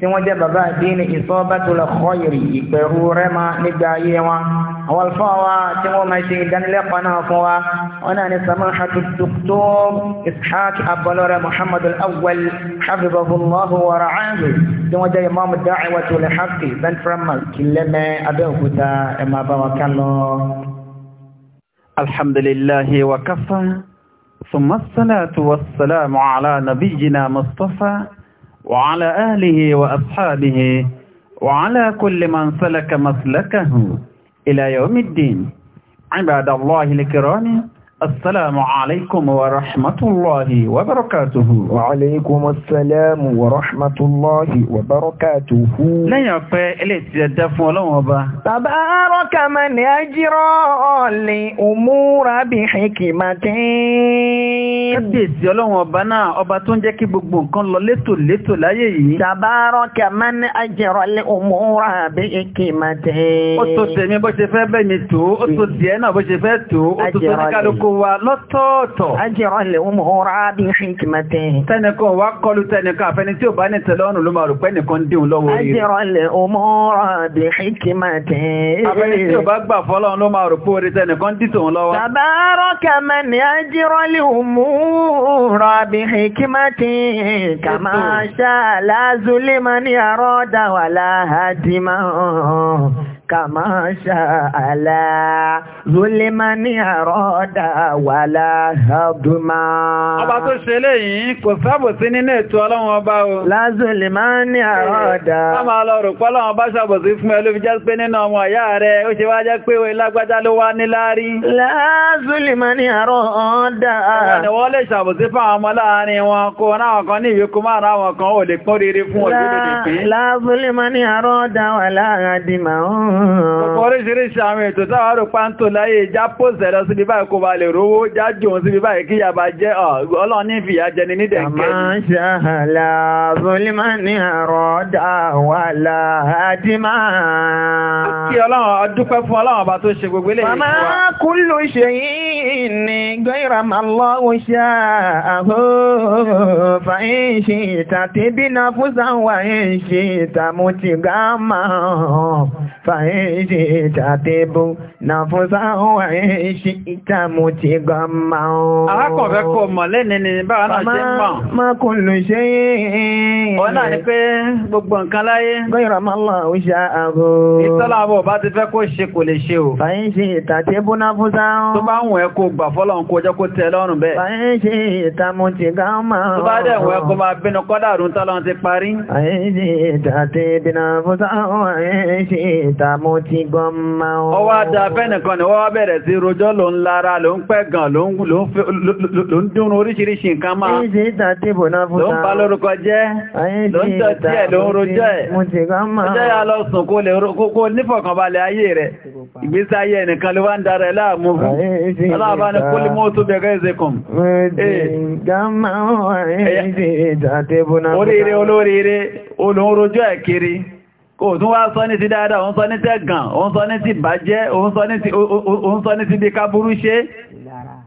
tí wọ́n jẹ́ bàbá àdínì ìsọ́bẹ́tòlẹ̀ kọ́yìrì ìpẹ̀rù rẹ́mà nígbà ayé wa àwọn alfa wa tí wọ́n máa ṣe ìdánilẹ́kọ̀ọ́ náà fún wa wọn náà ní samahatu dr ishaq abọlọrẹ muhammad al-awwal hafizahullahu wa ra'ahu tí wọ́n jẹ́ imam ben haqqi central mosque kìlẹ́mẹ́ abẹ́òkúta ẹ̀ máa bá wa kán lọ. alhamdulillahi wa kafa ثم الصلاة والسلام على نبينا مصطفى وعلى أهله وأصحابه وعلى كل من سلك مسلكه إلى يوم الدين عباد الله الكرام السلام عليكم ورحمة الله وبركاته وعليكم السلام ورحمة الله وبركاته لا يقفى إليه تدفو لهم تبارك من يجرى لأمور بحكمة kábíyèsí ọlọ́run ọba náà ọba tó ń jẹ́ kí gbogbo nǹkan lọ létò létò láyé yìí. tabaraka man ajra li umura bi hikmati. ó tó tèmi bó ṣe fẹ́ bẹ́ẹ̀ mi tó ó tó tiẹ̀ náà bó ṣe fẹ́ tó ó tó tó ní kálukú kálukú wa lọ́tọ̀ọ̀tọ̀. ajẹ́rọ̀lẹ̀ ohun ọ̀rá bí hikimate. tẹ́nìkan wá kọlu tẹ́nìkan àfẹni tí ó bá ní tẹ́lọ́rùn ló máa rò pẹ́ nìkan dín lọ́wọ́ rí. ajẹ́rọ̀lẹ̀ ohun ọ̀rá bí hikimate. àfẹni tí ó bá gbà fọ́lọ́run كما شاء لا ظلم أراد ولا هضما ọba tó ṣe léyìn kò sábòsí nínú ètò ọlọ́run ọba o lázòlè máa ní àrọ́dà ọmọ ọlọ́rùn pọ́lọ́run bá ṣàbòsí fún ẹ ló fi jẹ́ pé nínú ọmọ ìyá rẹ̀ ó ṣe wá jẹ́ pé wé lágbájá ló wá ní láárí lázòlè máa ní àrọ́dà wọ́n lè ṣàbòsí fún àwọn ọmọ láàrin wọn kó Ọ̀pọ̀ oríṣiríṣi àwọn ètò táwárò pántó láyé já pòsẹ̀ lọ síbi báyìí kó bá lè rówó já jòun síbi báyìí kí yàbá jẹ́ ọlọ́run ní ìfìyà jẹni ní dẹ̀kẹ́. Àmá ń Allahu ṣáàhó fa in ṣe ìtàtí bí na fúsàn wà in ṣe ti gáàmà fa in ìṣìta tébù náà fún sáwọn ìṣìta mú ti gan máa ń. Arákọ̀ọ́fẹ́ kò mọ̀ lẹ́ni ni báwa náà ṣe mọ̀. Má kò lù ṣe yìí. Ọ̀n náà ni pé gbogbo nǹkan láyé. Gbọ́yọ̀rọ̀ máa lọ òṣà àgọ́. Ìtọ́lábọ̀ bá ti fẹ́ kó ṣe kò lè ṣe o. Fàyín ṣe ìta tébù náà fún sáwọn. Tó bá ń wẹ̀ kó gbà fọ́lọ́run kó jẹ́ kó tẹ lọ́rùn bẹ́ẹ̀. Fàyín ṣe ìta mú ti gan máa. Tó mo ti gan ma o. ọwọ́ adá fẹ́nìkan ni wọ́n bẹ̀rẹ̀ sí rojọ́ ló ń lára ló ń pẹ́ gan ló ń dún oríṣiríṣi nǹkan máa. ní ṣe ìta dìbò náà fún ta. ló ń ba lórúkọ jẹ́ ló ń dọ̀tí ẹ̀ ló ń rojọ́ ẹ̀. mo ti gan ma o. ọjọ́ yà lọ sùn ayé ti eh. gan ma o. náà fún ta. oríire olóríire olóńrojọ́ kiri kò tún wá sọ ní ti dáadáa òun sọ ní tẹ́gàn òun sọ ní ti bàjẹ́ òun sọ ní ti bí káburú ṣe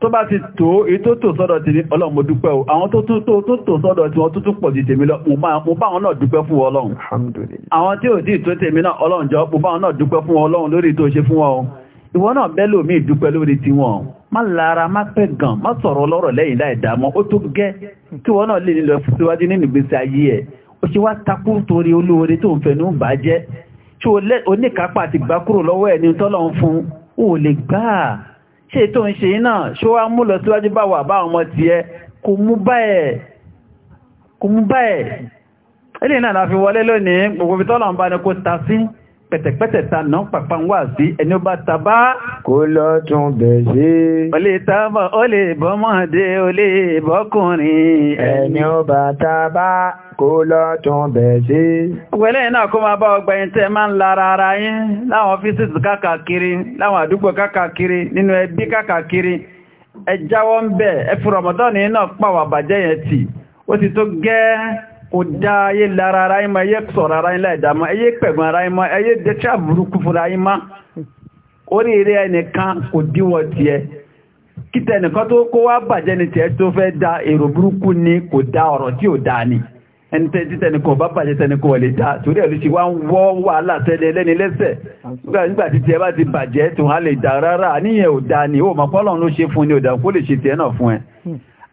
tó bá ti tó èyí tó tò sọ́dọ̀ ti ní ọlọ́run mo dúpẹ́ o àwọn tó tó tò sọ́dọ̀ tí wọ́n tuntun pọ̀ ju tèmi lọ mo bá wọn náà dúpẹ́ fún ọlọ́run àwọn tí ò dì tó tèmi náà ọlọ́run jọ mo bá wọn náà dúpẹ́ fún ọlọ́run lórí tó ṣe fún ọ ìwọ náà bẹ́lò mí ìdúpẹ́ lórí ti wọn má lára má pẹ́ gan má sọ̀rọ̀ lọ́rọ̀ lẹ́yìn láìdámọ́ ó tó gẹ́ kí wọ́n náà lè nílọ síwájú nínú ìgbésí ayé ẹ̀ ó ṣe wá takú torí olóore tó ń fẹnu bà jẹ́ tí oníkápá ti gbá kúrò lọ́wọ́ ẹ̀ ní tọ́lọ́ fún ó lè gbáà ṣe tó ń ṣe náà ṣó wá mú lọ síwájú bá wà bá ọmọ ti ẹ kò mú báyẹ̀ ilé náà láfi wọlé lónìí gbogbo tọ́lọ̀ ń bá ní kó ta sí pẹ̀tẹ̀pẹ̀tẹ̀ ta náà pàpà ń wà sí ẹni ó bá ta bá. kó lọ tún bẹ̀ ṣe. ó lè tábọ̀ ó lè bọ́mọ̀dé ó lè bọ́kùnrin. ẹni ó bá ta bá kó lọ tún bẹ̀ ṣe. wẹ́lẹ́ náà kó máa bá ọgbà yín tẹ́ máa ń lara ara yín láwọn ọ́fíìsì káàkiri láwọn àdúgbò káàkiri nínú ẹbí káàkiri ẹ jáwọ́ ń bẹ̀ ẹ fi Ramadan náà pàwọ̀ àbàjẹ́ yẹn tì ó ti tó gẹ́ẹ́ kò dá ayé lára ara yín mọ́ ẹyẹ sọ̀rọ̀ ara yín láìdámọ́ ẹyẹ pẹ̀gbọ́n ara yín mọ́ ẹyẹ dẹ́tíà burúkú fúnra yín mọ́ oríire ẹnìkan kò díwọ̀ tiẹ̀ kíta ẹnìkan tó kó wá bàjẹ́ ni tiẹ̀ tó fẹ́ da èrò burúkú ni kò dá ọ̀rọ̀ tí ò dá ni ẹni ti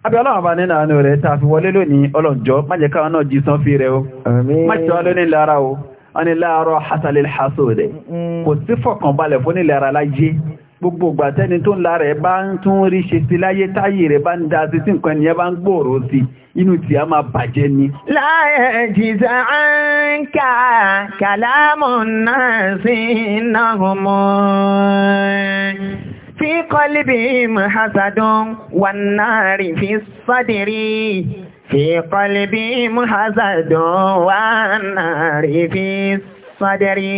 abẹ́ ọlọ́run bá nínú àánú rẹ̀ tá fi wọlé lónìí ọlọ́njọ́ má jẹ́ káwọn náà jí sán fi rẹ̀ o má jẹ́ ọlọ́ ní lára o wọ́n ní láàárọ̀ hasalil haso rẹ̀ kò sí fọ̀kànbalẹ̀ fún nílẹ̀ láyé gbogbo gbàtẹ́ni tó ń la rẹ̀ bá ń tún rí ṣe sí láyé táyé rẹ̀ bá ń da sí sí nǹkan ẹniyẹ bá ń gbòòrò sí inú tí a máa bàjẹ́ ni. láyé jìzà ń ka kàlámù náà sí náà mọ́ في قلبهم حسد والنار في الصدر في قلبهم حسد والنار في الصدر sọ́dẹ̀rí.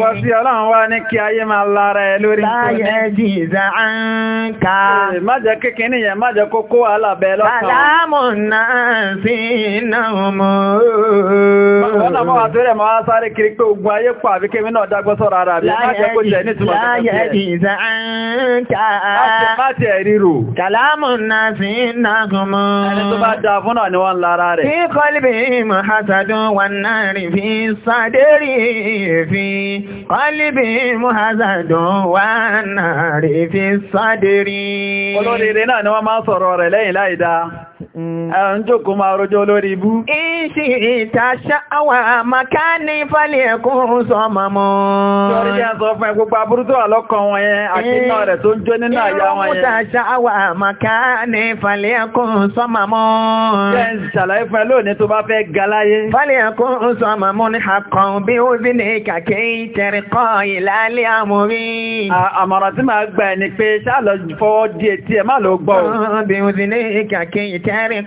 Wọ́n sí ọlọ́run wá ní kí ayé máa lára ẹ lórí ìtòní. Láyé jìzà ń ká. Má jẹ́ kékeré yẹn, má jẹ́ kókó alábẹ́ lọ́kàn. Àlámù náà sí iná mú. Wọ́n náà mọ́ wà tó rẹ̀ mọ́ wá sáré kiri pé ogun ayé pọ̀ àbí kémi náà dágbọ́ sọ́rọ̀ ara rẹ̀. Má jẹ́ kó ni wọ́n lára rẹ̀. Kí kọ́lì bí Mùhàtàdún wà náà في قلبي مهزد والنار في صدري Mm. ẹ̀rùn jókòó máa rojọ́ lórí ibú. ìṣì ìtàṣàwà makáni falẹ̀ ẹ̀kún sọmọ mọ́. sọ́rí jẹ́ sọ fún ẹ gbogbo aburú tó wà lọ́kàn wọn yẹn àti iná rẹ̀ tó ń jó nínú àyà wọn yẹn. ìtàṣàwà makáni falẹ̀ ẹ̀kún sọmọ mọ́. bẹ́ẹ̀ ń ṣàlàyé fún ẹ lónìí tó bá fẹ́ galáyé. falẹ̀ ẹ̀kún sọmọ mọ́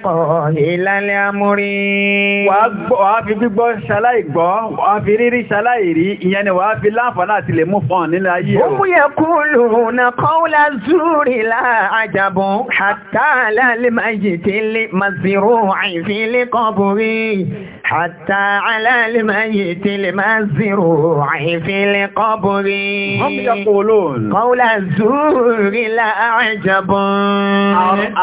kọ́ ìlàlẹ̀ amúrí. Wàá fi gbígbọ́ ṣaláì gbọ́, wàá fi rírí ṣaláì rí, ìyẹn ni wàá fi láǹfààní àti lè mú fọ́n nílẹ̀ ayé o. Ó yẹ kú lùnà kọ́ọ́lá zúrì láàjàbọ̀, àtà àlàlẹ́ máa yìí tí lè máa zèrò àìfin lè kọ́ Àtà àlàlẹ́ máa yìí tí lè máa zèrò àìfin lè kọ́ borí. Kọ́ọ́lá zúrì láàjàbọ̀.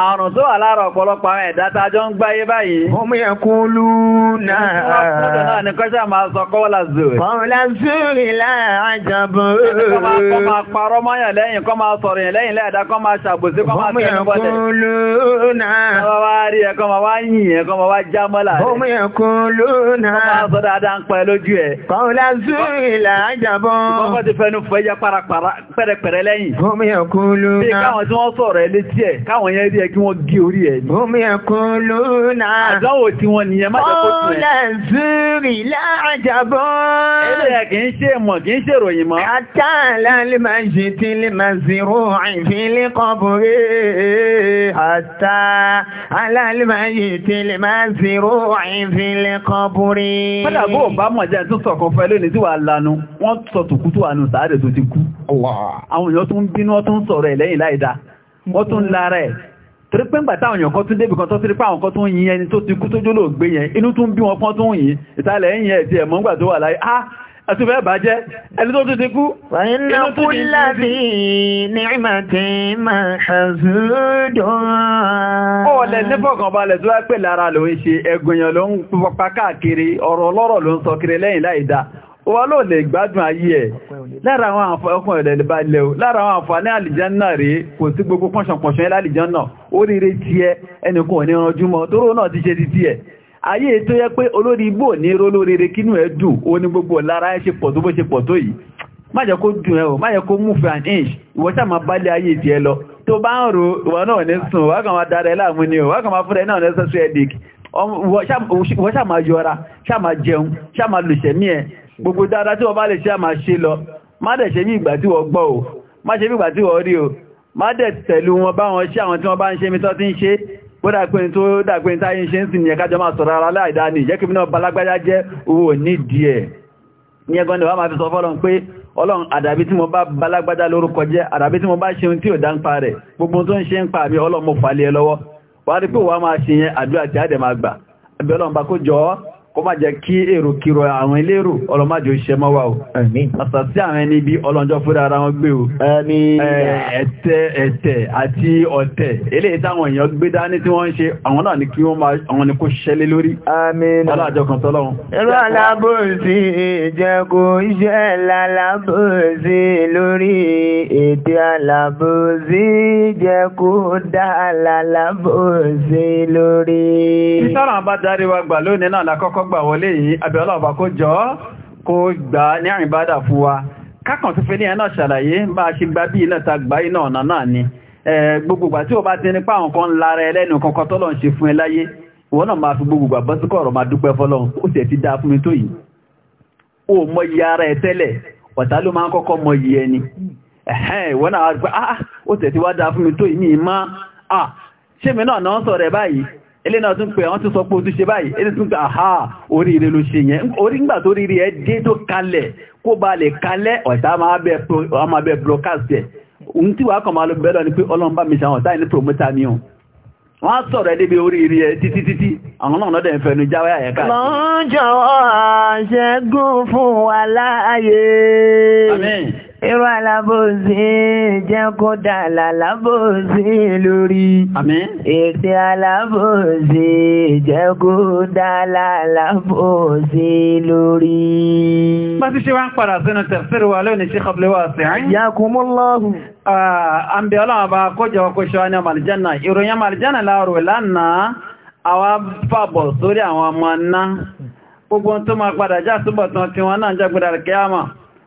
Àrùn tó wà lára ọ̀pọ̀lọpọ̀ àwọn ẹ̀dá tàjọ ń gbáyé báyìí. Ọmọ ẹkùn lú náà. lú náà. Kọ́ máa wá rí ẹ, Bí káwọn tí wọ́n sọ̀rọ̀ ẹ létí ẹ̀, káwọn yẹn rí ẹ kí wọ́n gé orí ẹ. Ọmọ يقولون àdáwò tí wọ́n nìyẹn má jẹ́kó tún ẹ̀. ọ̀nà zúrì láàjàbọ̀. ẹlẹ́ kì í ṣe mọ̀ kì í ṣe ròyìn mọ́. àtàlà lè máa ṣe tí lè máa zero àìfilé kọ́bùrè. àtàlà lè máa ṣe tí lè máa zero àìfilé kọ́bùrè. kódà bó o bá mọ̀ jẹ́ tún sọ̀kan fẹ́ lónìí tí wàá lanu wọ́n sọ tòkú tó wà tó ti kú. àwọn èèyàn tún bínú wọ́n tún sọ̀rọ̀ ẹ̀ lẹ́yìn láì dáa wọ́n tún lára ẹ̀ torí pé ńgbà táwọn èèyàn kan tún débi kan tó sírí pé àwọn kan tún yìn ẹni tó ti kú tó jólò gbé yẹn inú tún bí wọn pọ́n tún yìn ìtàlẹ̀ ẹ̀yìn ẹ̀ tí ẹ̀mọ́ ńgbà tó wà láyé ah àti fẹ́ bàjẹ́ ẹni tó ti kú inú tún ní ìlàbí ní tó ń ṣe ẹgbìyàn ló ń pàpà wọ́n ló lè gbádùn ayé ẹ̀ lára àwọn àfọ́ọ̀kùn ẹ̀lẹ̀ bá lẹ́o lára àwọn àǹfààní àlìjánà rí kò sí gbogbo pọ́nṣọ̀pọ̀ṣọ̀ ẹ̀ lálìjánà ó rírí tí ẹ ẹnìkan ní ọrọ̀júmọ́ tó rò náà ti ṣe ti tí ẹ̀ ayé tó yẹ pé olórí igbó ní rólóríire kínú ẹ̀ dùn ó ní gbogbo lára ẹ̀ ṣe pọ̀ tó bó ṣe pọ̀ tó yìí má jẹ́ kó dùn ẹ́ o má jẹ́ kó mú fẹ́ inch ìwọ ṣáà máa bálé ayé ti lọ tó bá ń ro ìwọ náà ní sùn wá kàn máa dára ẹ láàmú ni o wá kàn máa fúnra ẹ náà ní sọ́sọ́ ẹ̀dìk wọ́n ṣáà máa yọra ṣáà máa jẹun ṣáà máa lùṣẹ̀mí ẹ gbogbo dáadáa tí wọ́n bá lè ṣe àmà ṣe lọ má dẹ̀ ṣe bí ìgbà tí wọ́n gbọ́ o má ṣe bí ìgbà tí wọ́n rí o má dẹ̀ tẹ̀lú wọn bá wọn ṣe àwọn tí wọ́n bá ń ṣe mi tọ́ ti ń ṣe bódà tó dàgbé ní ni wọ́n máa fi sọ fọ́lọ́n pé ọlọ́run àdàbí tí mo bá balágbájá lórúkọ jẹ́ àdàbí tí mo bá ṣeun tí ò dá ń pa rẹ̀ gbogbo kó má jẹ́ kí èrò kìrò àwọn ilérò ọlọ́májò iṣẹ́ mọ́ wà ó àsàsí àwọn ẹni bí ọlọ́njọ́ fúnra ara wọn gbé o ẹ̀tẹ̀ ẹ̀tẹ̀ àti ọ̀tẹ̀ eléyìí táwọn èèyàn gbé dání tí wọ́n ń ṣe àwọn náà ni kí wọ́n máa àwọn ni kó ṣẹlẹ̀ lórí ọlọ́àjọ kan tọ́lọ́run kọ́kọ́ gbà wọlé yìí abẹ́ ọlọ́ọ̀bá kó jọ kó gbà ní àrìnbádà fún wa kákan tó fẹ́ ní ẹ̀nà ṣàlàyé bá a ṣe gbà bí iná ta gbà iná ọ̀nà náà ni gbogbogbà tí ó bá ti nípa àwọn kan lára ẹlẹ́nu kankan tó lọ́n ṣe fún ẹ láyé wọ́n náà máa fi gbogbogbà bọ́ ah, ah ó tẹ̀ ti wá dáa ah ṣé mi náà ilé náà tún pè wọ́n tún sọ pé o tún ṣe báyìí ilé tún gbà ha oríire ló ṣe yẹn orí ńgbà tó rírí ẹ dé tó kalẹ̀ kó ba lè kalẹ̀ ọ̀tá máa bẹ broadcast ẹ̀ ohun tí wàá kàn máa lọ bẹ́ẹ̀ lọ ni pé ọlọ́run mi ṣe ọ̀tá ní promoter ni o wọ́n á sọ̀rọ̀ ẹ́ débi oríire títí títí àwọn náà lọ́dẹ̀ ń Irú alábòsí jẹ́ kó dàlà alábòsí lórí. Àmín. alábòsí jẹ́ kó dàlà alábòsí lórí. Bá ti ṣe wá ń padà sínú tafsir wa lónìí Sheikh Abdul Wasi'in. Yakumullahu. An bẹ̀ ọlọ́wọ́ bá kójọ ọkọ̀ ṣọ́ ní àmàlìjánà. Ìròyìn àmàlìjánà láàrù lánàá, àwa fàbọ̀ sórí àwọn ọmọ náà. Gbogbo tó máa padà já súbọ̀ tán tí wọ́n náà jẹ́ gbọ́dọ̀ kíyámà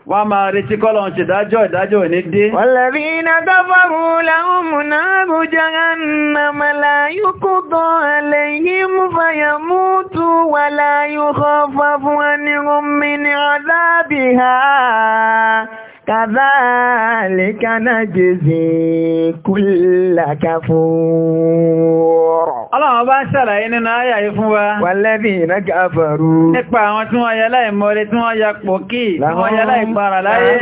wọ́n máa retí kọ́lọ̀ ṣe dájọ́ ìdájọ́ ní dé. Wàlẹ̀rí iná gáfàrú láwọn múnà àrùjá ránà màláyúkú tó alẹ́ yìí mú fàyà mú tú wà láyúkọ́ fàfún ẹni rúmi ní àdábì ha. Kàdáàlì kanájèzì kúlà Ọlọ́run bá ń ṣàlàyé nínú ayà yìí fún wa. Wàlẹ́bí iná gàfàrú. Nípa àwọn tí wọ́n yẹlá ìmọ̀re tí wọ́n ya pò kí, wọ́n yẹlá ìpara láyé. Ìyà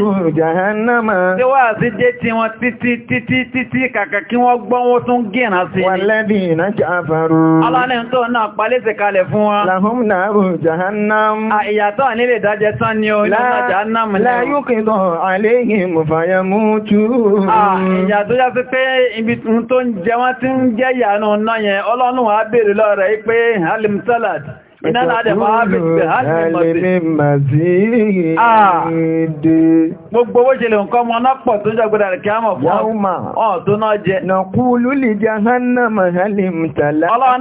tó yá sí pé ibi tó ń jẹ wọ́n ti ń jẹ́ ìyànà náà yẹn, ọlọ́run wọ́n á bèèrè lọ́rọ̀ yí pé halim salad iná láti máa fi ṣe halim mazidi ah. gbogbo bó ṣe lè nǹkan mọ́ náà pọ̀ tó jọgbọ́dà rẹ̀ kí á mọ̀ fún ọ̀ tó náà jẹ nàkúlù lè jahannama halim salad ọlọ́run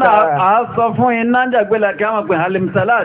náà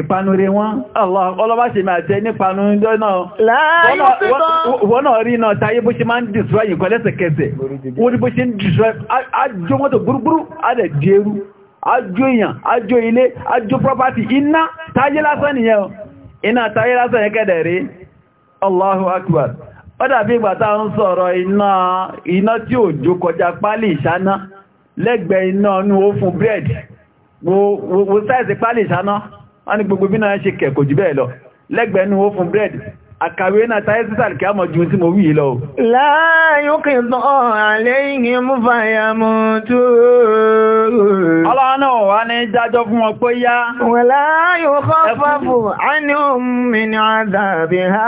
ìpanure wọn ọlọ́bá ṣe máa jẹ nípanu ìjọ náà wọ́n náà rí náà táyé bó ṣe máa ń dìsọ́ ẹ̀yìn lẹ́sẹ̀kẹsẹ̀ wọ́n ní bó ṣe ń dìsọ́ ajó mọ́tò gbúrúgbúrú eru èèyàn ajó ilé ajó property iná táyé lásán nìyẹn iná wọ́n ní gbogbo bí náà ṣe kẹ̀kọ̀ jù bẹ́ẹ̀ lọ lẹ́gbẹ̀ẹ́nu ó fún bírẹ̀dì àkàwé náà táyé sísà kí á mọ̀ ju tí mo wí lọ. láàyò kì í tán àlẹ́ ìhìn mú fàyàmù tó. ọlọ́run náà wà ní dájọ́ fún wọn pé yá. wọ́n láàyò kọ́ fàfù àní omi ni àdàbí ha.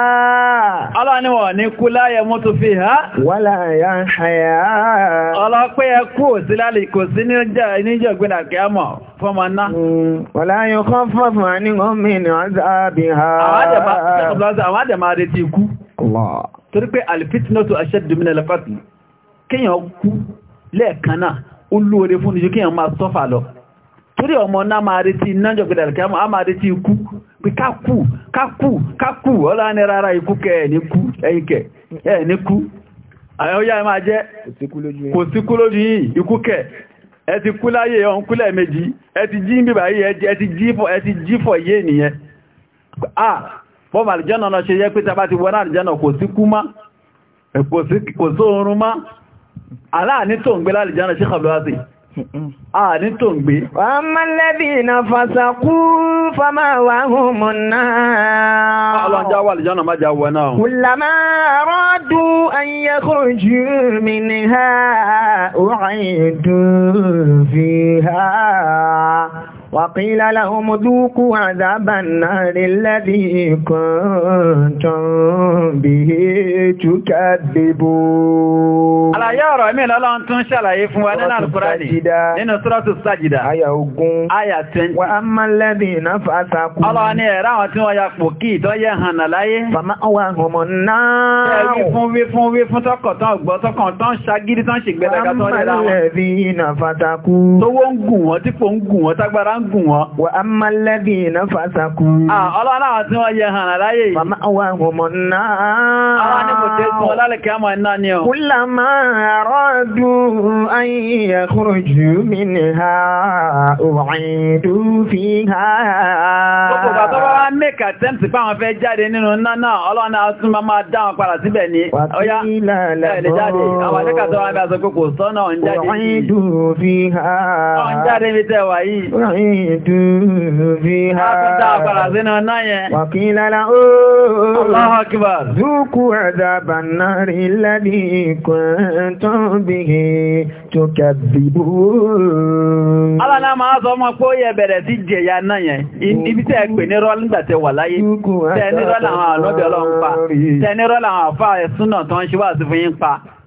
ọlọ́run fọ́mọ ná. wọ́lá yóò kọ́ fọ́fọ́ ní gómìnà àzábì ha. àwọn àdẹ̀mà rẹ̀ ti kú. torí pé alifitinoto aṣẹ́dù mi nílẹ̀ fàtì kíyàn kú lẹ́ẹ̀kan náà ó lóore fún níjú kíyàn máa sọ́fà lọ torí ọmọ náà máa retí nájọ̀ gbẹ̀dẹ̀ kí a máa retí ikú pé kákù kákù kákù ọlá ní rárá ikú kẹ ẹ̀ ní kú ẹ̀yìn kẹ ẹ̀ kú àyọ́ yá máa jẹ́ kò síkú lójú yìí ikú kẹ ẹ ti kú láyé ọ̀n kúlẹ̀ méjì ẹ ti jí bíbà yìí ẹ ti jí fọ̀ yé nìyẹn ah bọ́ọ̀mù àlìjọ́nà náà ṣe yẹ pé tàbá ti wọ́n àlìjọ́nà kò sí kú má kò sí oorun má aláà ní tó ń gbé lálìjọ́nà ṣe kàbíwá sí àní tó ń gbé. wọ́n mọ́ lẹ́bí iná fọ́sọ̀kú fọ́mọ́ wà hùn náà. ọlọ́njá wà lìjọ́nà má jà wọ náà. wùlàmá rọ́dù ayé jù mí ní ha òun àyè ha. وقيل لهم ذوقوا عذاب النار الذي كنتم به تكذبون àlàyé ọ̀rọ̀ mi lọ́lọ́n tún ṣàlàyé fún wa nínú Al-Qur'ani nínú Suratu Sajida àyà ogún àyà 20 wa ammal ladhina fasaqu ọlọ́ni ẹ̀rá àwọn tí wọ́n ya pò kí ìtọ́yẹ hànà láyé fàmá ọwà ọmọ náà ẹ̀rí fún wí fún wí fún tọkọ̀tán ọgbọ́tọkọ̀tán ṣagídí tán ṣègbẹ́lẹ́gà tó rẹ̀ gùn wọn. wà á máa lẹ́bí iná fàṣàkù. ọlọ́run àwọn tí wọ́n yẹ hàn láyé yìí. màmá wa ọmọ náà. àwọn ni kò tẹ́ sùn ọlálẹ̀kẹ́ àmọ́ iná ni o. kúlà máa rọ́ọ̀dù ayé kúrò jù mí ní ha òwòrìndù fi ha. gbogbo bàbá wa make attempt pé àwọn fẹ́ jáde nínú iná náà ọlọ́run àwọn tún máa dá wọn padà síbẹ̀ ni. ọ̀yá ẹ̀ lè jáde àwọn akẹ́kọ̀ọ́ wọn bá sọ pé kò sọ́nà ọ̀ ń jáde. òwòrìndù fi ha. ọ̀ ń jáde mi tẹ́ wà yìí. خالد فيها وقيل له الله أكبر ذوقوا عذاب النار الذي كنتم به تكذبون Allah náà máa sọ ọmọ pé ó yẹ bẹ̀rẹ̀ sí jẹ̀yà náà yẹn ibi tẹ́ pè ní rọ́ tẹ́ wà láyé tẹ́ ní rọ́ làwọn àlọ́bẹ̀ ọlọ́run pa tẹ́ ní rọ́ làwọn tó ń ṣe wà sí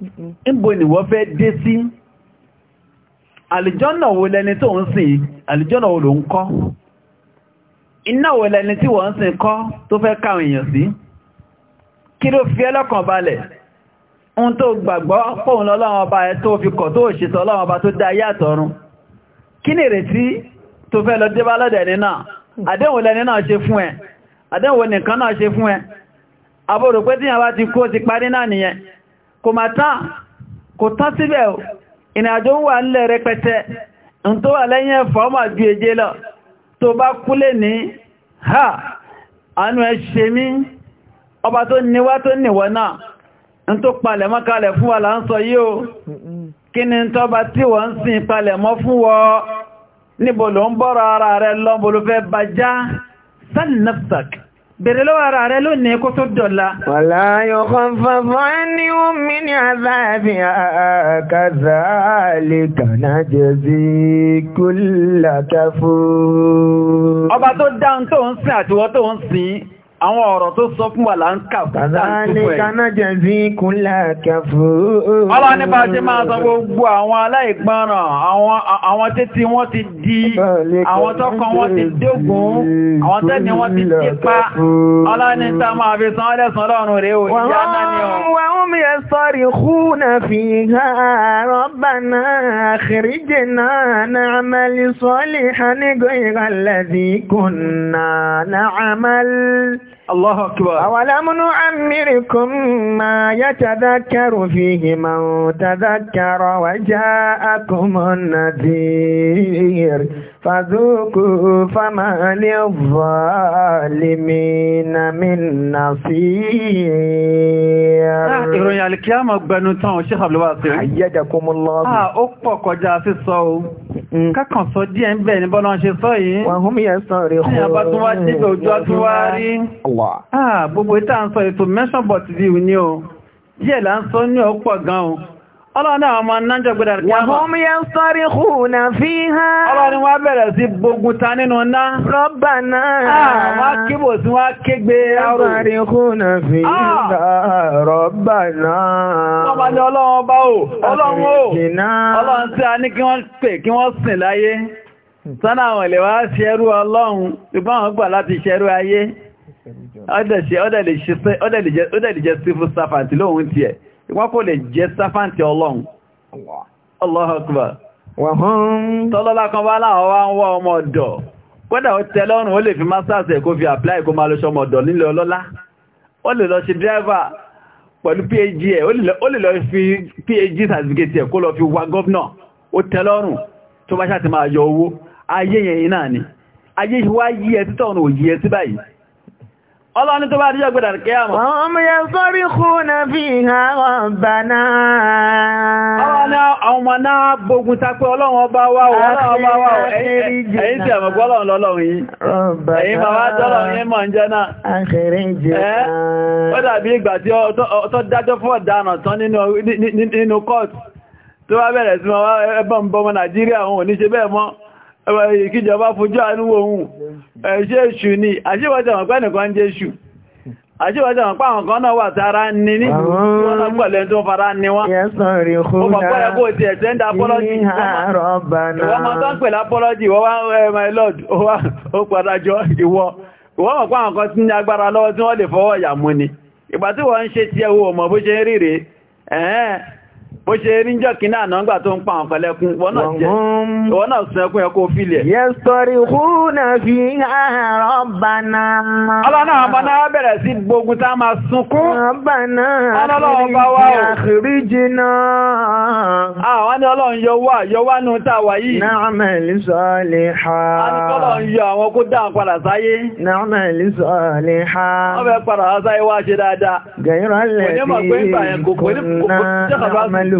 níbo ni wọ́n fẹ́ dé sí àlìjọ́nà wo lẹni tó ń sìn àlìjọ́nà wo ló ń kọ́ iná wo lẹni tí wọ́n ń sìn kọ́ tó fẹ́ káwọn èèyàn sí kí ló fi ẹlọ́kàn balẹ̀ ohun tó gbàgbọ́ fóun lọ́lọ́wọ́ ọba ẹ tó fi kọ̀ tó òṣìṣẹ́ ọlọ́wọ́ ọba tó dá ayé àtọ̀run kí ni ìrètí tó fẹ́ lọ débá lọ́dẹ̀ ní náà àdéhùn lẹni náà ṣe fún ẹ àdéhùn nìkan náà ṣe fún ẹ abórò pé kò máa tán kò tán síbẹ̀ ò ìrìnàjò ń wà nílẹ̀ rẹpẹtẹ ń tó wà lẹ́yìn ẹ̀fọ́ máa ju èje lọ tó bá kúlé ní ha àánú ẹ ṣe mí ọba tó níwá tó níwọ̀ náà ń tó palẹ̀ mọ́ kalẹ̀ fún wa là ń sọ yí kí ni tọ́ba tí wọ́n ń sin bẹ̀rẹ̀ lọ́wọ́ ara rẹ lónìí kó tó dọ̀la. wàlá yóò kan fàfà ní omi ní àzáàbí àkàzà lè kànáà jẹ́sí kó làkàfò. ọba tó dáhùn tó ń sin àtiwọ́ tó ń sin àwọn ọ̀rọ̀ tó sọ fún wà láńkà fún ọlá nípa ṣe máa sọ gbogbo àwọn aláìgbọ́nràn àwọn tẹ́tí wọ́n ti di àwọn tọ́kàn wọ́n ti dógún àwọn tẹ́ni wọ́n ti dípa ọlá ní ta máa fi san ọlẹ́sàn lọ́rùn rẹ̀ ò ìyá náà ni ọ Allahu akbar. Awalamunu amirikum ma yatadhakkaru fihi man tadhakkara wa ja'akumun nadhir fàzúkù fámàlì ọ̀vọ́lìmínà mínà sí ẹ̀rọ. ìròyìn alìkíyàmọ̀ gbẹnu tán ṣe àbúlọ́wà sí rí. àyẹ́jà kó mú lọ. a ó pọ̀ kọjá sí sọ o. Mm. kákan sọ díẹ̀ ń bẹ̀ ní bọ́lá ṣe sọ yìí. wọ́n hún mi yẹn sọ rí hó. ìyàbá tún wá dé ojú ọtún wá rí. Ah, gbogbo ìta ń sọ ètò mẹ́sàn Ọlọ́run náà ọmọ náà gbẹ̀rẹ̀ kí a mọ̀. Wọ́n yẹ ń sọ́rí hùnà fi ha. Ọlọ́run wá bẹ̀rẹ̀ sí gbogbo ta nínú ná. Rọ́bà náà. Wá kíbò sí wá kégbe arò. Sọ́rí hùnà fi ha rọ́bà náà. Ọba ni ọlọ́run bá ò, ọlọ́run ò, ọlọ́run tí a ní kí wọ́n pè kí wọ́n sìn láyé. Sọ́nà àwọn ilẹ̀ wá ṣẹrú ọlọ́run, ìbọn àwọn gbà láti ṣẹrú ayé. Ọdẹ̀ lè jẹ́ civil servant lóhun tiẹ̀ ìwọ́n kò lè jẹ́ sáfáǹtì ọlọ́run Allahu Akbar tọ́lọ́lá kan bá láwọn wá ń wá ọmọ ọ̀dọ̀ kódà ó tẹ́ lọ́rùn ó lè fi masters kó fi apply kó máa lọ ṣọmọ ọ̀dọ̀ nílẹ̀ ọlọ́lá ó lè lọ ṣe driver pẹ̀lú phd ẹ̀ ó lè lọ fi phd certificate ẹ̀ fi wá gọ́ọ̀nà ó tẹ́ lọ́rùn tó bá ṣáà ti ni ayé wá yí ẹ títọ̀nù òyí Ọlọ́ni tó bá rí ọgbẹ̀dà kí a mọ̀. Ọmọ yẹ sọ́rí kúrò bí i ha ọba náà. Ọlọ́ni àwọn ọmọ náà gbógun takpé ọlọ́run ọba wá o, ọlọ́run ọba wá o, ẹ̀yìn tí àmọ̀ gbọ́lọ́run lọ́lọ́run yìí. Ẹ̀yìn bàbá tọ́lọ́run yẹn mọ̀ ń jẹ́ náà. Àkẹrẹ jẹ́ náà. Ó dàbí ìgbà tí ìkíjọba fojú àánú ohun ẹ̀ṣẹ́ èṣù ni àṣíwájá wọn pẹ́nìkan jẹ́ èṣù àṣíwájá wọn pàwọn kan náà wà tààrà ní ní wọ́n pẹ̀lẹ̀ tó fara ní wọ́n ìwọ́n ó ṣe ríjọ́ kí náà náà gbà tó ń pa àwọn pẹ̀lẹ́kún wọ́n náà sẹ́kún ẹkọ́ fílẹ̀. yẹ́sọ̀rí húnà fi àárọ̀ bàná. ọlọ́nà àbáná bẹ̀rẹ̀ sí gbogbo tá máa sunkún. bàná àkìrí jìnà. àwọn ni ọlọ́run yọ wá yọ wá nù tá wà náà mẹ́lò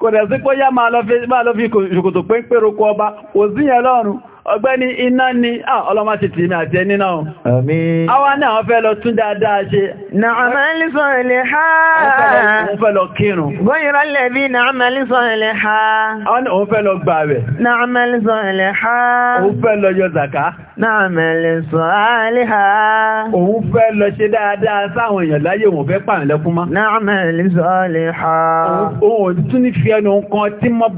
kò dẹ̀ sí pé yá máa lọ fi ṣòkòtò pé ń pèrò kọ ọba kò sí yẹn lọ́rùn ọgbẹ́ni iná ni ọlọ́mà ti tìí mi àti ẹni náà àmín àwa náà wọ́n fẹ́ lọ tún dáadáa ṣe na'amal salihan òun fẹ́ lọ kírun ghayra alladhi na'amal salihan òun fẹ́ lọ gbààwẹ̀ na'amal salihan òun fẹ́ lọ yọ zàká na'amal salihan òun fẹ́ lọ ṣe dáadáa sáwọn èèyàn láyé òun fẹ́ pààrùn lẹ́kún mọ́ na'amal salihan òun tún ní fi ẹnu kan tí mọ́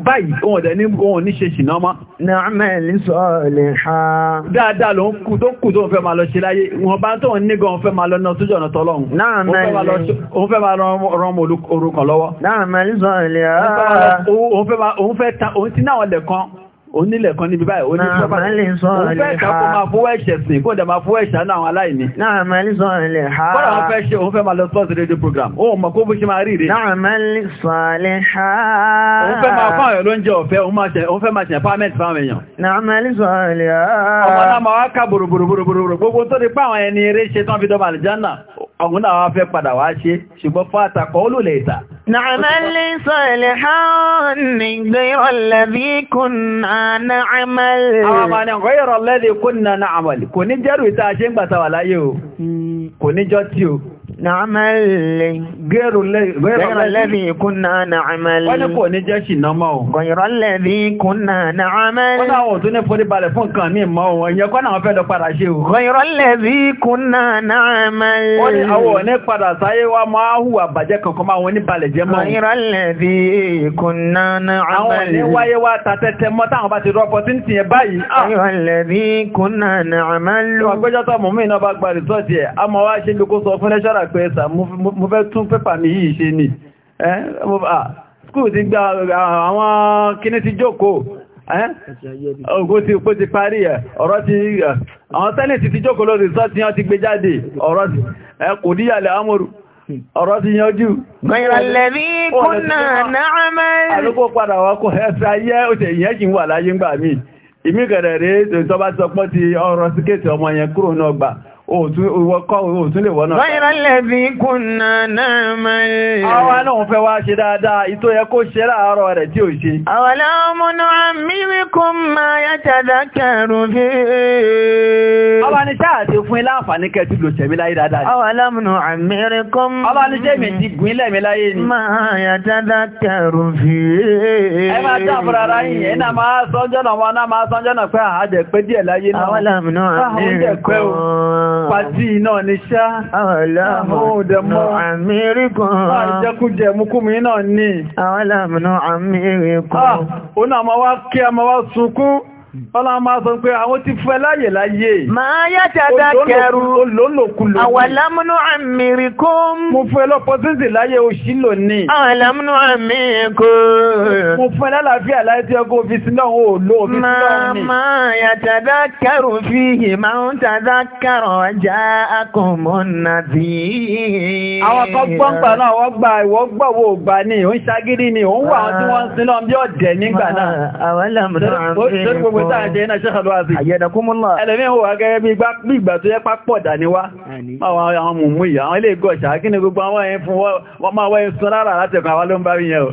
صالحا dáadáa ló ń kú tó kù tó ń fẹ́ máa lọ ṣe láyé wọn bá tó ń ní gan fẹ́ máa lọ náà sójú ọ̀nà tọ́lọ́run òun fẹ́ máa rán mọ̀ orúkọ lọ́wọ́ òun fẹ́ máa òun fẹ́ ta òun ti náà lẹ̀kan onílẹ̀ kan níbi báyìí onílẹ̀ pàpàlẹ̀ sọ́ọ̀lẹ̀ ha òun fẹ́ ẹ̀ka kó máa fún ẹ̀ṣẹ̀ sí kó dẹ̀ máa fún ẹ̀ṣẹ̀ náà àwọn aláìní náàmẹ́lì sọ́ọ̀lẹ̀ ha kọ́ra wọn fẹ́ ṣe òun fẹ́ máa lọ sọ́ọ̀sì rédíò program òun نعمل صالحا غير الذي كنا نعمل àwọn غير الذي كنا نعمل kò ní jẹ́rù ìta ṣe ń gbàtàwà láyé o kò ní jọ tí o nàámẹ́l gẹ́rù lẹ́bí kúnnà nàámẹ́l wọ́n ní kò ní jẹ́ ṣì náà mọ́ gọ̀yọ̀rọ̀ lẹ́bí kúnnà nàámẹ́l wọ́n náà wọ́n tún ní forí balẹ̀ fún nǹkan mí mọ́ wọn ìyẹn kọ́ náà fẹ́ lọ padà ṣe o gọ̀yọ̀rọ̀ lẹ́bí kúnnà nàámẹ́l wọ́n ní àwọn òní padà sáyé wa máa hùwà bàjẹ́ kankan máa wọn ní balẹ̀ jẹ́ mọ́ gọ̀yọ̀rọ̀ lẹ́bí kúnnà nàámẹ́l àwọn òní wáyé wa ta tẹ́tẹ́ mọ́ táwọn bá ti rọ opportunity yẹn báyìí gọ̀yọ̀rọ̀ lẹ́bí kúnnà nàámẹ́l pé ẹ̀sà mo fẹ́ tún pépà mi yìí ṣe ni skúù ti gba àwọn kíní ti jókòó ògó ti pó ti parí ẹ̀ ọ̀rọ̀ ti àwọn sẹ́lẹ̀tì ti jókòó lórí sọ́tí wọ́n ti gbé jáde ọ̀rọ̀ kò díyàlẹ̀ ọ̀rọ̀ ti yanjú ọrọ̀ ọmọ yẹn òtún lè wọ́nà. Báyìí lẹ́bí kùnà náà mẹ́rin. Àwa náà fẹ́ wá ṣe dáadáa, ìtò yẹ kó ṣe láàárọ̀ rẹ̀ tí ò ṣe. Àwọ̀lá ọmọnà àmìríkún máa yájàdá kẹrù fi. Ọba ni ṣáà ti fún ilá àǹfààní kẹtù lò ṣẹ̀mí láyé dáadáa. Àwọ̀lá ọmọnà àmìríkún. Ọba ni ṣé ti gùn ilẹ̀ mi láyé ni. Máa yájàdá kẹrù fi. Ẹ máa Ah. Pàtí náà ni ṣá. Àwọ̀lámù àmìrí kan. Àjẹkújẹ mukúmi náà ni. Àwọ̀lámù àmìrí kan. Ah, ó náà máa wá kí a máa wá sunkún ọlọ́run máa sọ pé àwọn ti fẹ́ láyè láyé máa yàtà dákẹrù olóòlòkulò àwàlámúnú àmìrì kó mú fẹ́ lọ́pọ̀tíǹsì láyé òṣìlò ní àwàlámúnú àmìrì kó mú fẹ́ lálàáfíà láyé tí ọkọ̀ òfìsí náà ò lò òfìsí náà ní máa yàtà dákẹrù fi ìmá ń tàdá kẹrọ ọjà akọmọ̀nà bí i àwọn kan ni òun ṣagídí ni òun wà àwọn tí tààjẹ́ iná ṣẹ́kàlọ́ àti àyẹ̀dẹ̀kúnmọ́lá ẹlẹ́mí ìwò agẹ́gẹ́ bí ìgbà tó yẹ pápọ̀dà ní wá máa àwọn mùmú ìyà àwọn ilé ìgọ̀ṣà kí ni gbogbo àwọn ẹ̀yìn fún wọ́n máa wọ́n sún lára látẹ̀kùn àwọn ló ń bá rí yẹn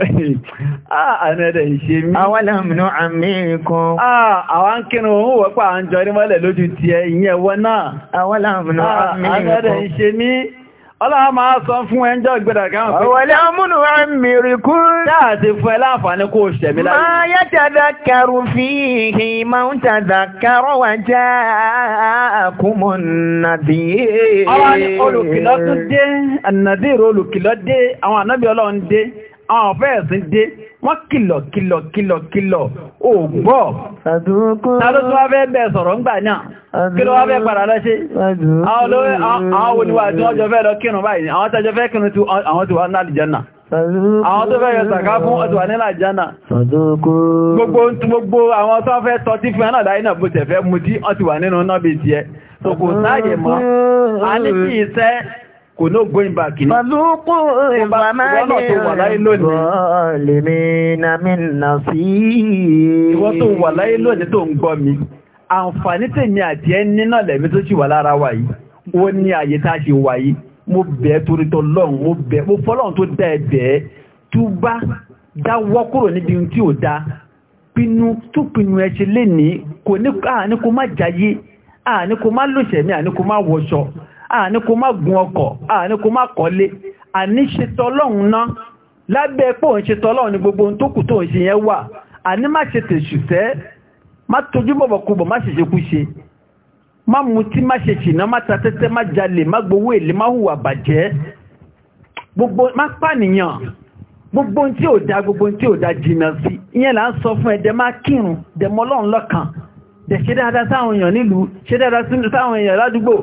ah, àmẹ́dẹ̀ ìṣe mí àwọn lẹ́mìnú àmìkan ah, àwọn kínú òun wọ́pọ̀ à ń jọ rí mọ́lẹ̀ lójú ti ẹ̀ ìyẹn wọ́n náà àwọn lẹ́mìnú ah, àmìkan Ọlọ́run máa sọ fún ẹjọ́ ìgbẹ̀dà káwọn pé. Ọ̀wọ̀lẹ́ ọmúnù àmìrì kú. Dáàdì fún ẹ láǹfààní kó ṣẹ̀mí láyé. Máa yá tàdà kẹrù fi hì máa ń tàdà kẹrọ wà já àkúmọ̀ nàbí. Ọlọ́run olùkìlọ́ tún dé wọ́n kìlọ̀ kìlọ̀ kìlọ̀ kìlọ̀ ò gbọ́ tàbí wọ́n fẹ́ bẹ̀ sọ̀rọ̀ ń gbà náà kí ló wá fẹ́ padà lọ sí àwọn olùwà tí wọ́n jọ fẹ́ lọ kírun báyìí àwọn tẹ́jọ fẹ́ kírun tí àwọn tí wọ́n náà jẹ́nà àwọn tó fẹ́ yọ sàká fún ọdún ànílà jẹ́nà gbogbo àwọn tó fẹ́ tọ́ tí fún ẹ̀nà dáínà bó tẹ̀fẹ́ mú tí ọ ti wà nínú náà bí ti ẹ kò ní going back ní. Fàlúkù ìfàmáyé ìwọ́n tó wà láyé lónìí tó ń gbọ́ mi. Àǹfààní tèmi àti ẹ nínà lẹ̀mí tó ṣì wà lára wa yìí, ó ní àyè tá a ṣe wà yìí, mo bẹ̀ẹ́ torí tọ́lọ́run, mo bẹ̀ẹ́, mo fọ́lọ́run tó dá ẹ bẹ̀ẹ́, da, pinnu tó Pinu ẹ ṣe lénìí, kò ní kó má jayé, àní kó má lòṣẹ̀mí, àní kó má wọṣọ àní kò má gun ọkọ̀ àní kò má kọ́lé àní ṣe tọ́lọ́hun ná lábẹ́ pò ń ṣe tọ́lọ́hun ní gbogbo tó kù tó ń ṣe yẹn wà àní má ṣe tèṣùṣẹ́ má tójú bọ̀bọ̀ kubọ̀ má ṣe ṣekúṣe má mutí má ṣe ṣìnà má ta tẹ́tẹ́ má jalè má gbowó èlé má hùwà bàjẹ́ gbogbo má pànìyàn gbogbo tí ò da gbogbo tí ò da jìnnà sí ìyẹn là ń sọ fún ẹ má kírun dẹ mọ́ Ọlọ́run lọ́kàn dẹ ṣe dáadáa sáwọn èèyàn nílùú ṣe dáadáa sáwọn èèyàn ládùúgbò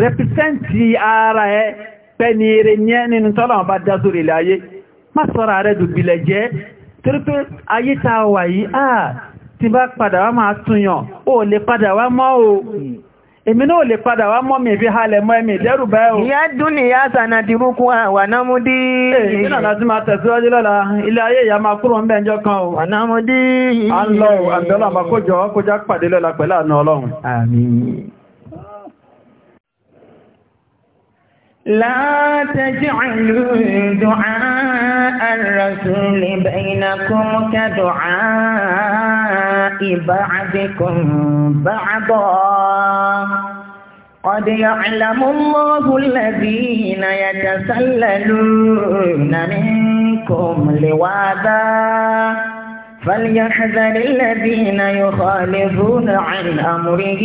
rẹpítẹ́ǹtì ara ẹ pẹ́ni eré ní ẹni tọ́lọ̀ bá dá sórí ilẹ̀ ayé má sọ́ra rẹ̀ dùbìlẹ̀ jẹ́ torí pé ayé ta wà yìí àà tí bá padà wá máa túnyàn ó lè padà wá mọ́ o èmi náà lè padà wá mọ́ mi fi halẹ̀ mọ́ ẹ̀mì ìdẹ́rù bẹ́ẹ̀ o ìyá dún ní ìyá sànà dìrúkú àwànámúdí ìrìnà láti máa tẹ̀síwájú lọ́la لا تجعلوا دعاء الرسول بينكم كدعاء بعضكم بعضا قد يعلم الله الذين يتسللون منكم لواذا فليحذر الذين يخالفون عن أمره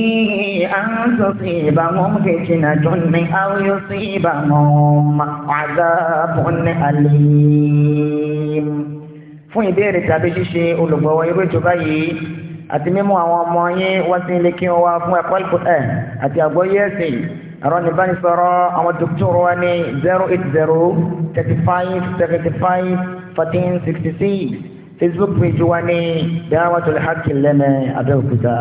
أن تصيبهم فتنة أو يصيبهم عذاب أليم fún ìbéèrè tàbí ṣíṣe olùgbọ̀wọ́ irú ètò báyìí àti mímú àwọn ọmọ yín wá sí ilé kí wọ́n wá fún ẹ̀kọ́ ẹ̀kọ́ ẹ̀ àti àgbọ́yé ẹ̀sìn ẹ̀rọ ìbánisọ̀rọ̀ àwọn dókítọ̀rọ̀ wa ní zero eight zero thirty five seventy five fourteen sixty six facebook page wa ní dáwàtò lẹ́hàkì lẹ́mẹ̀ abẹ́òkúta.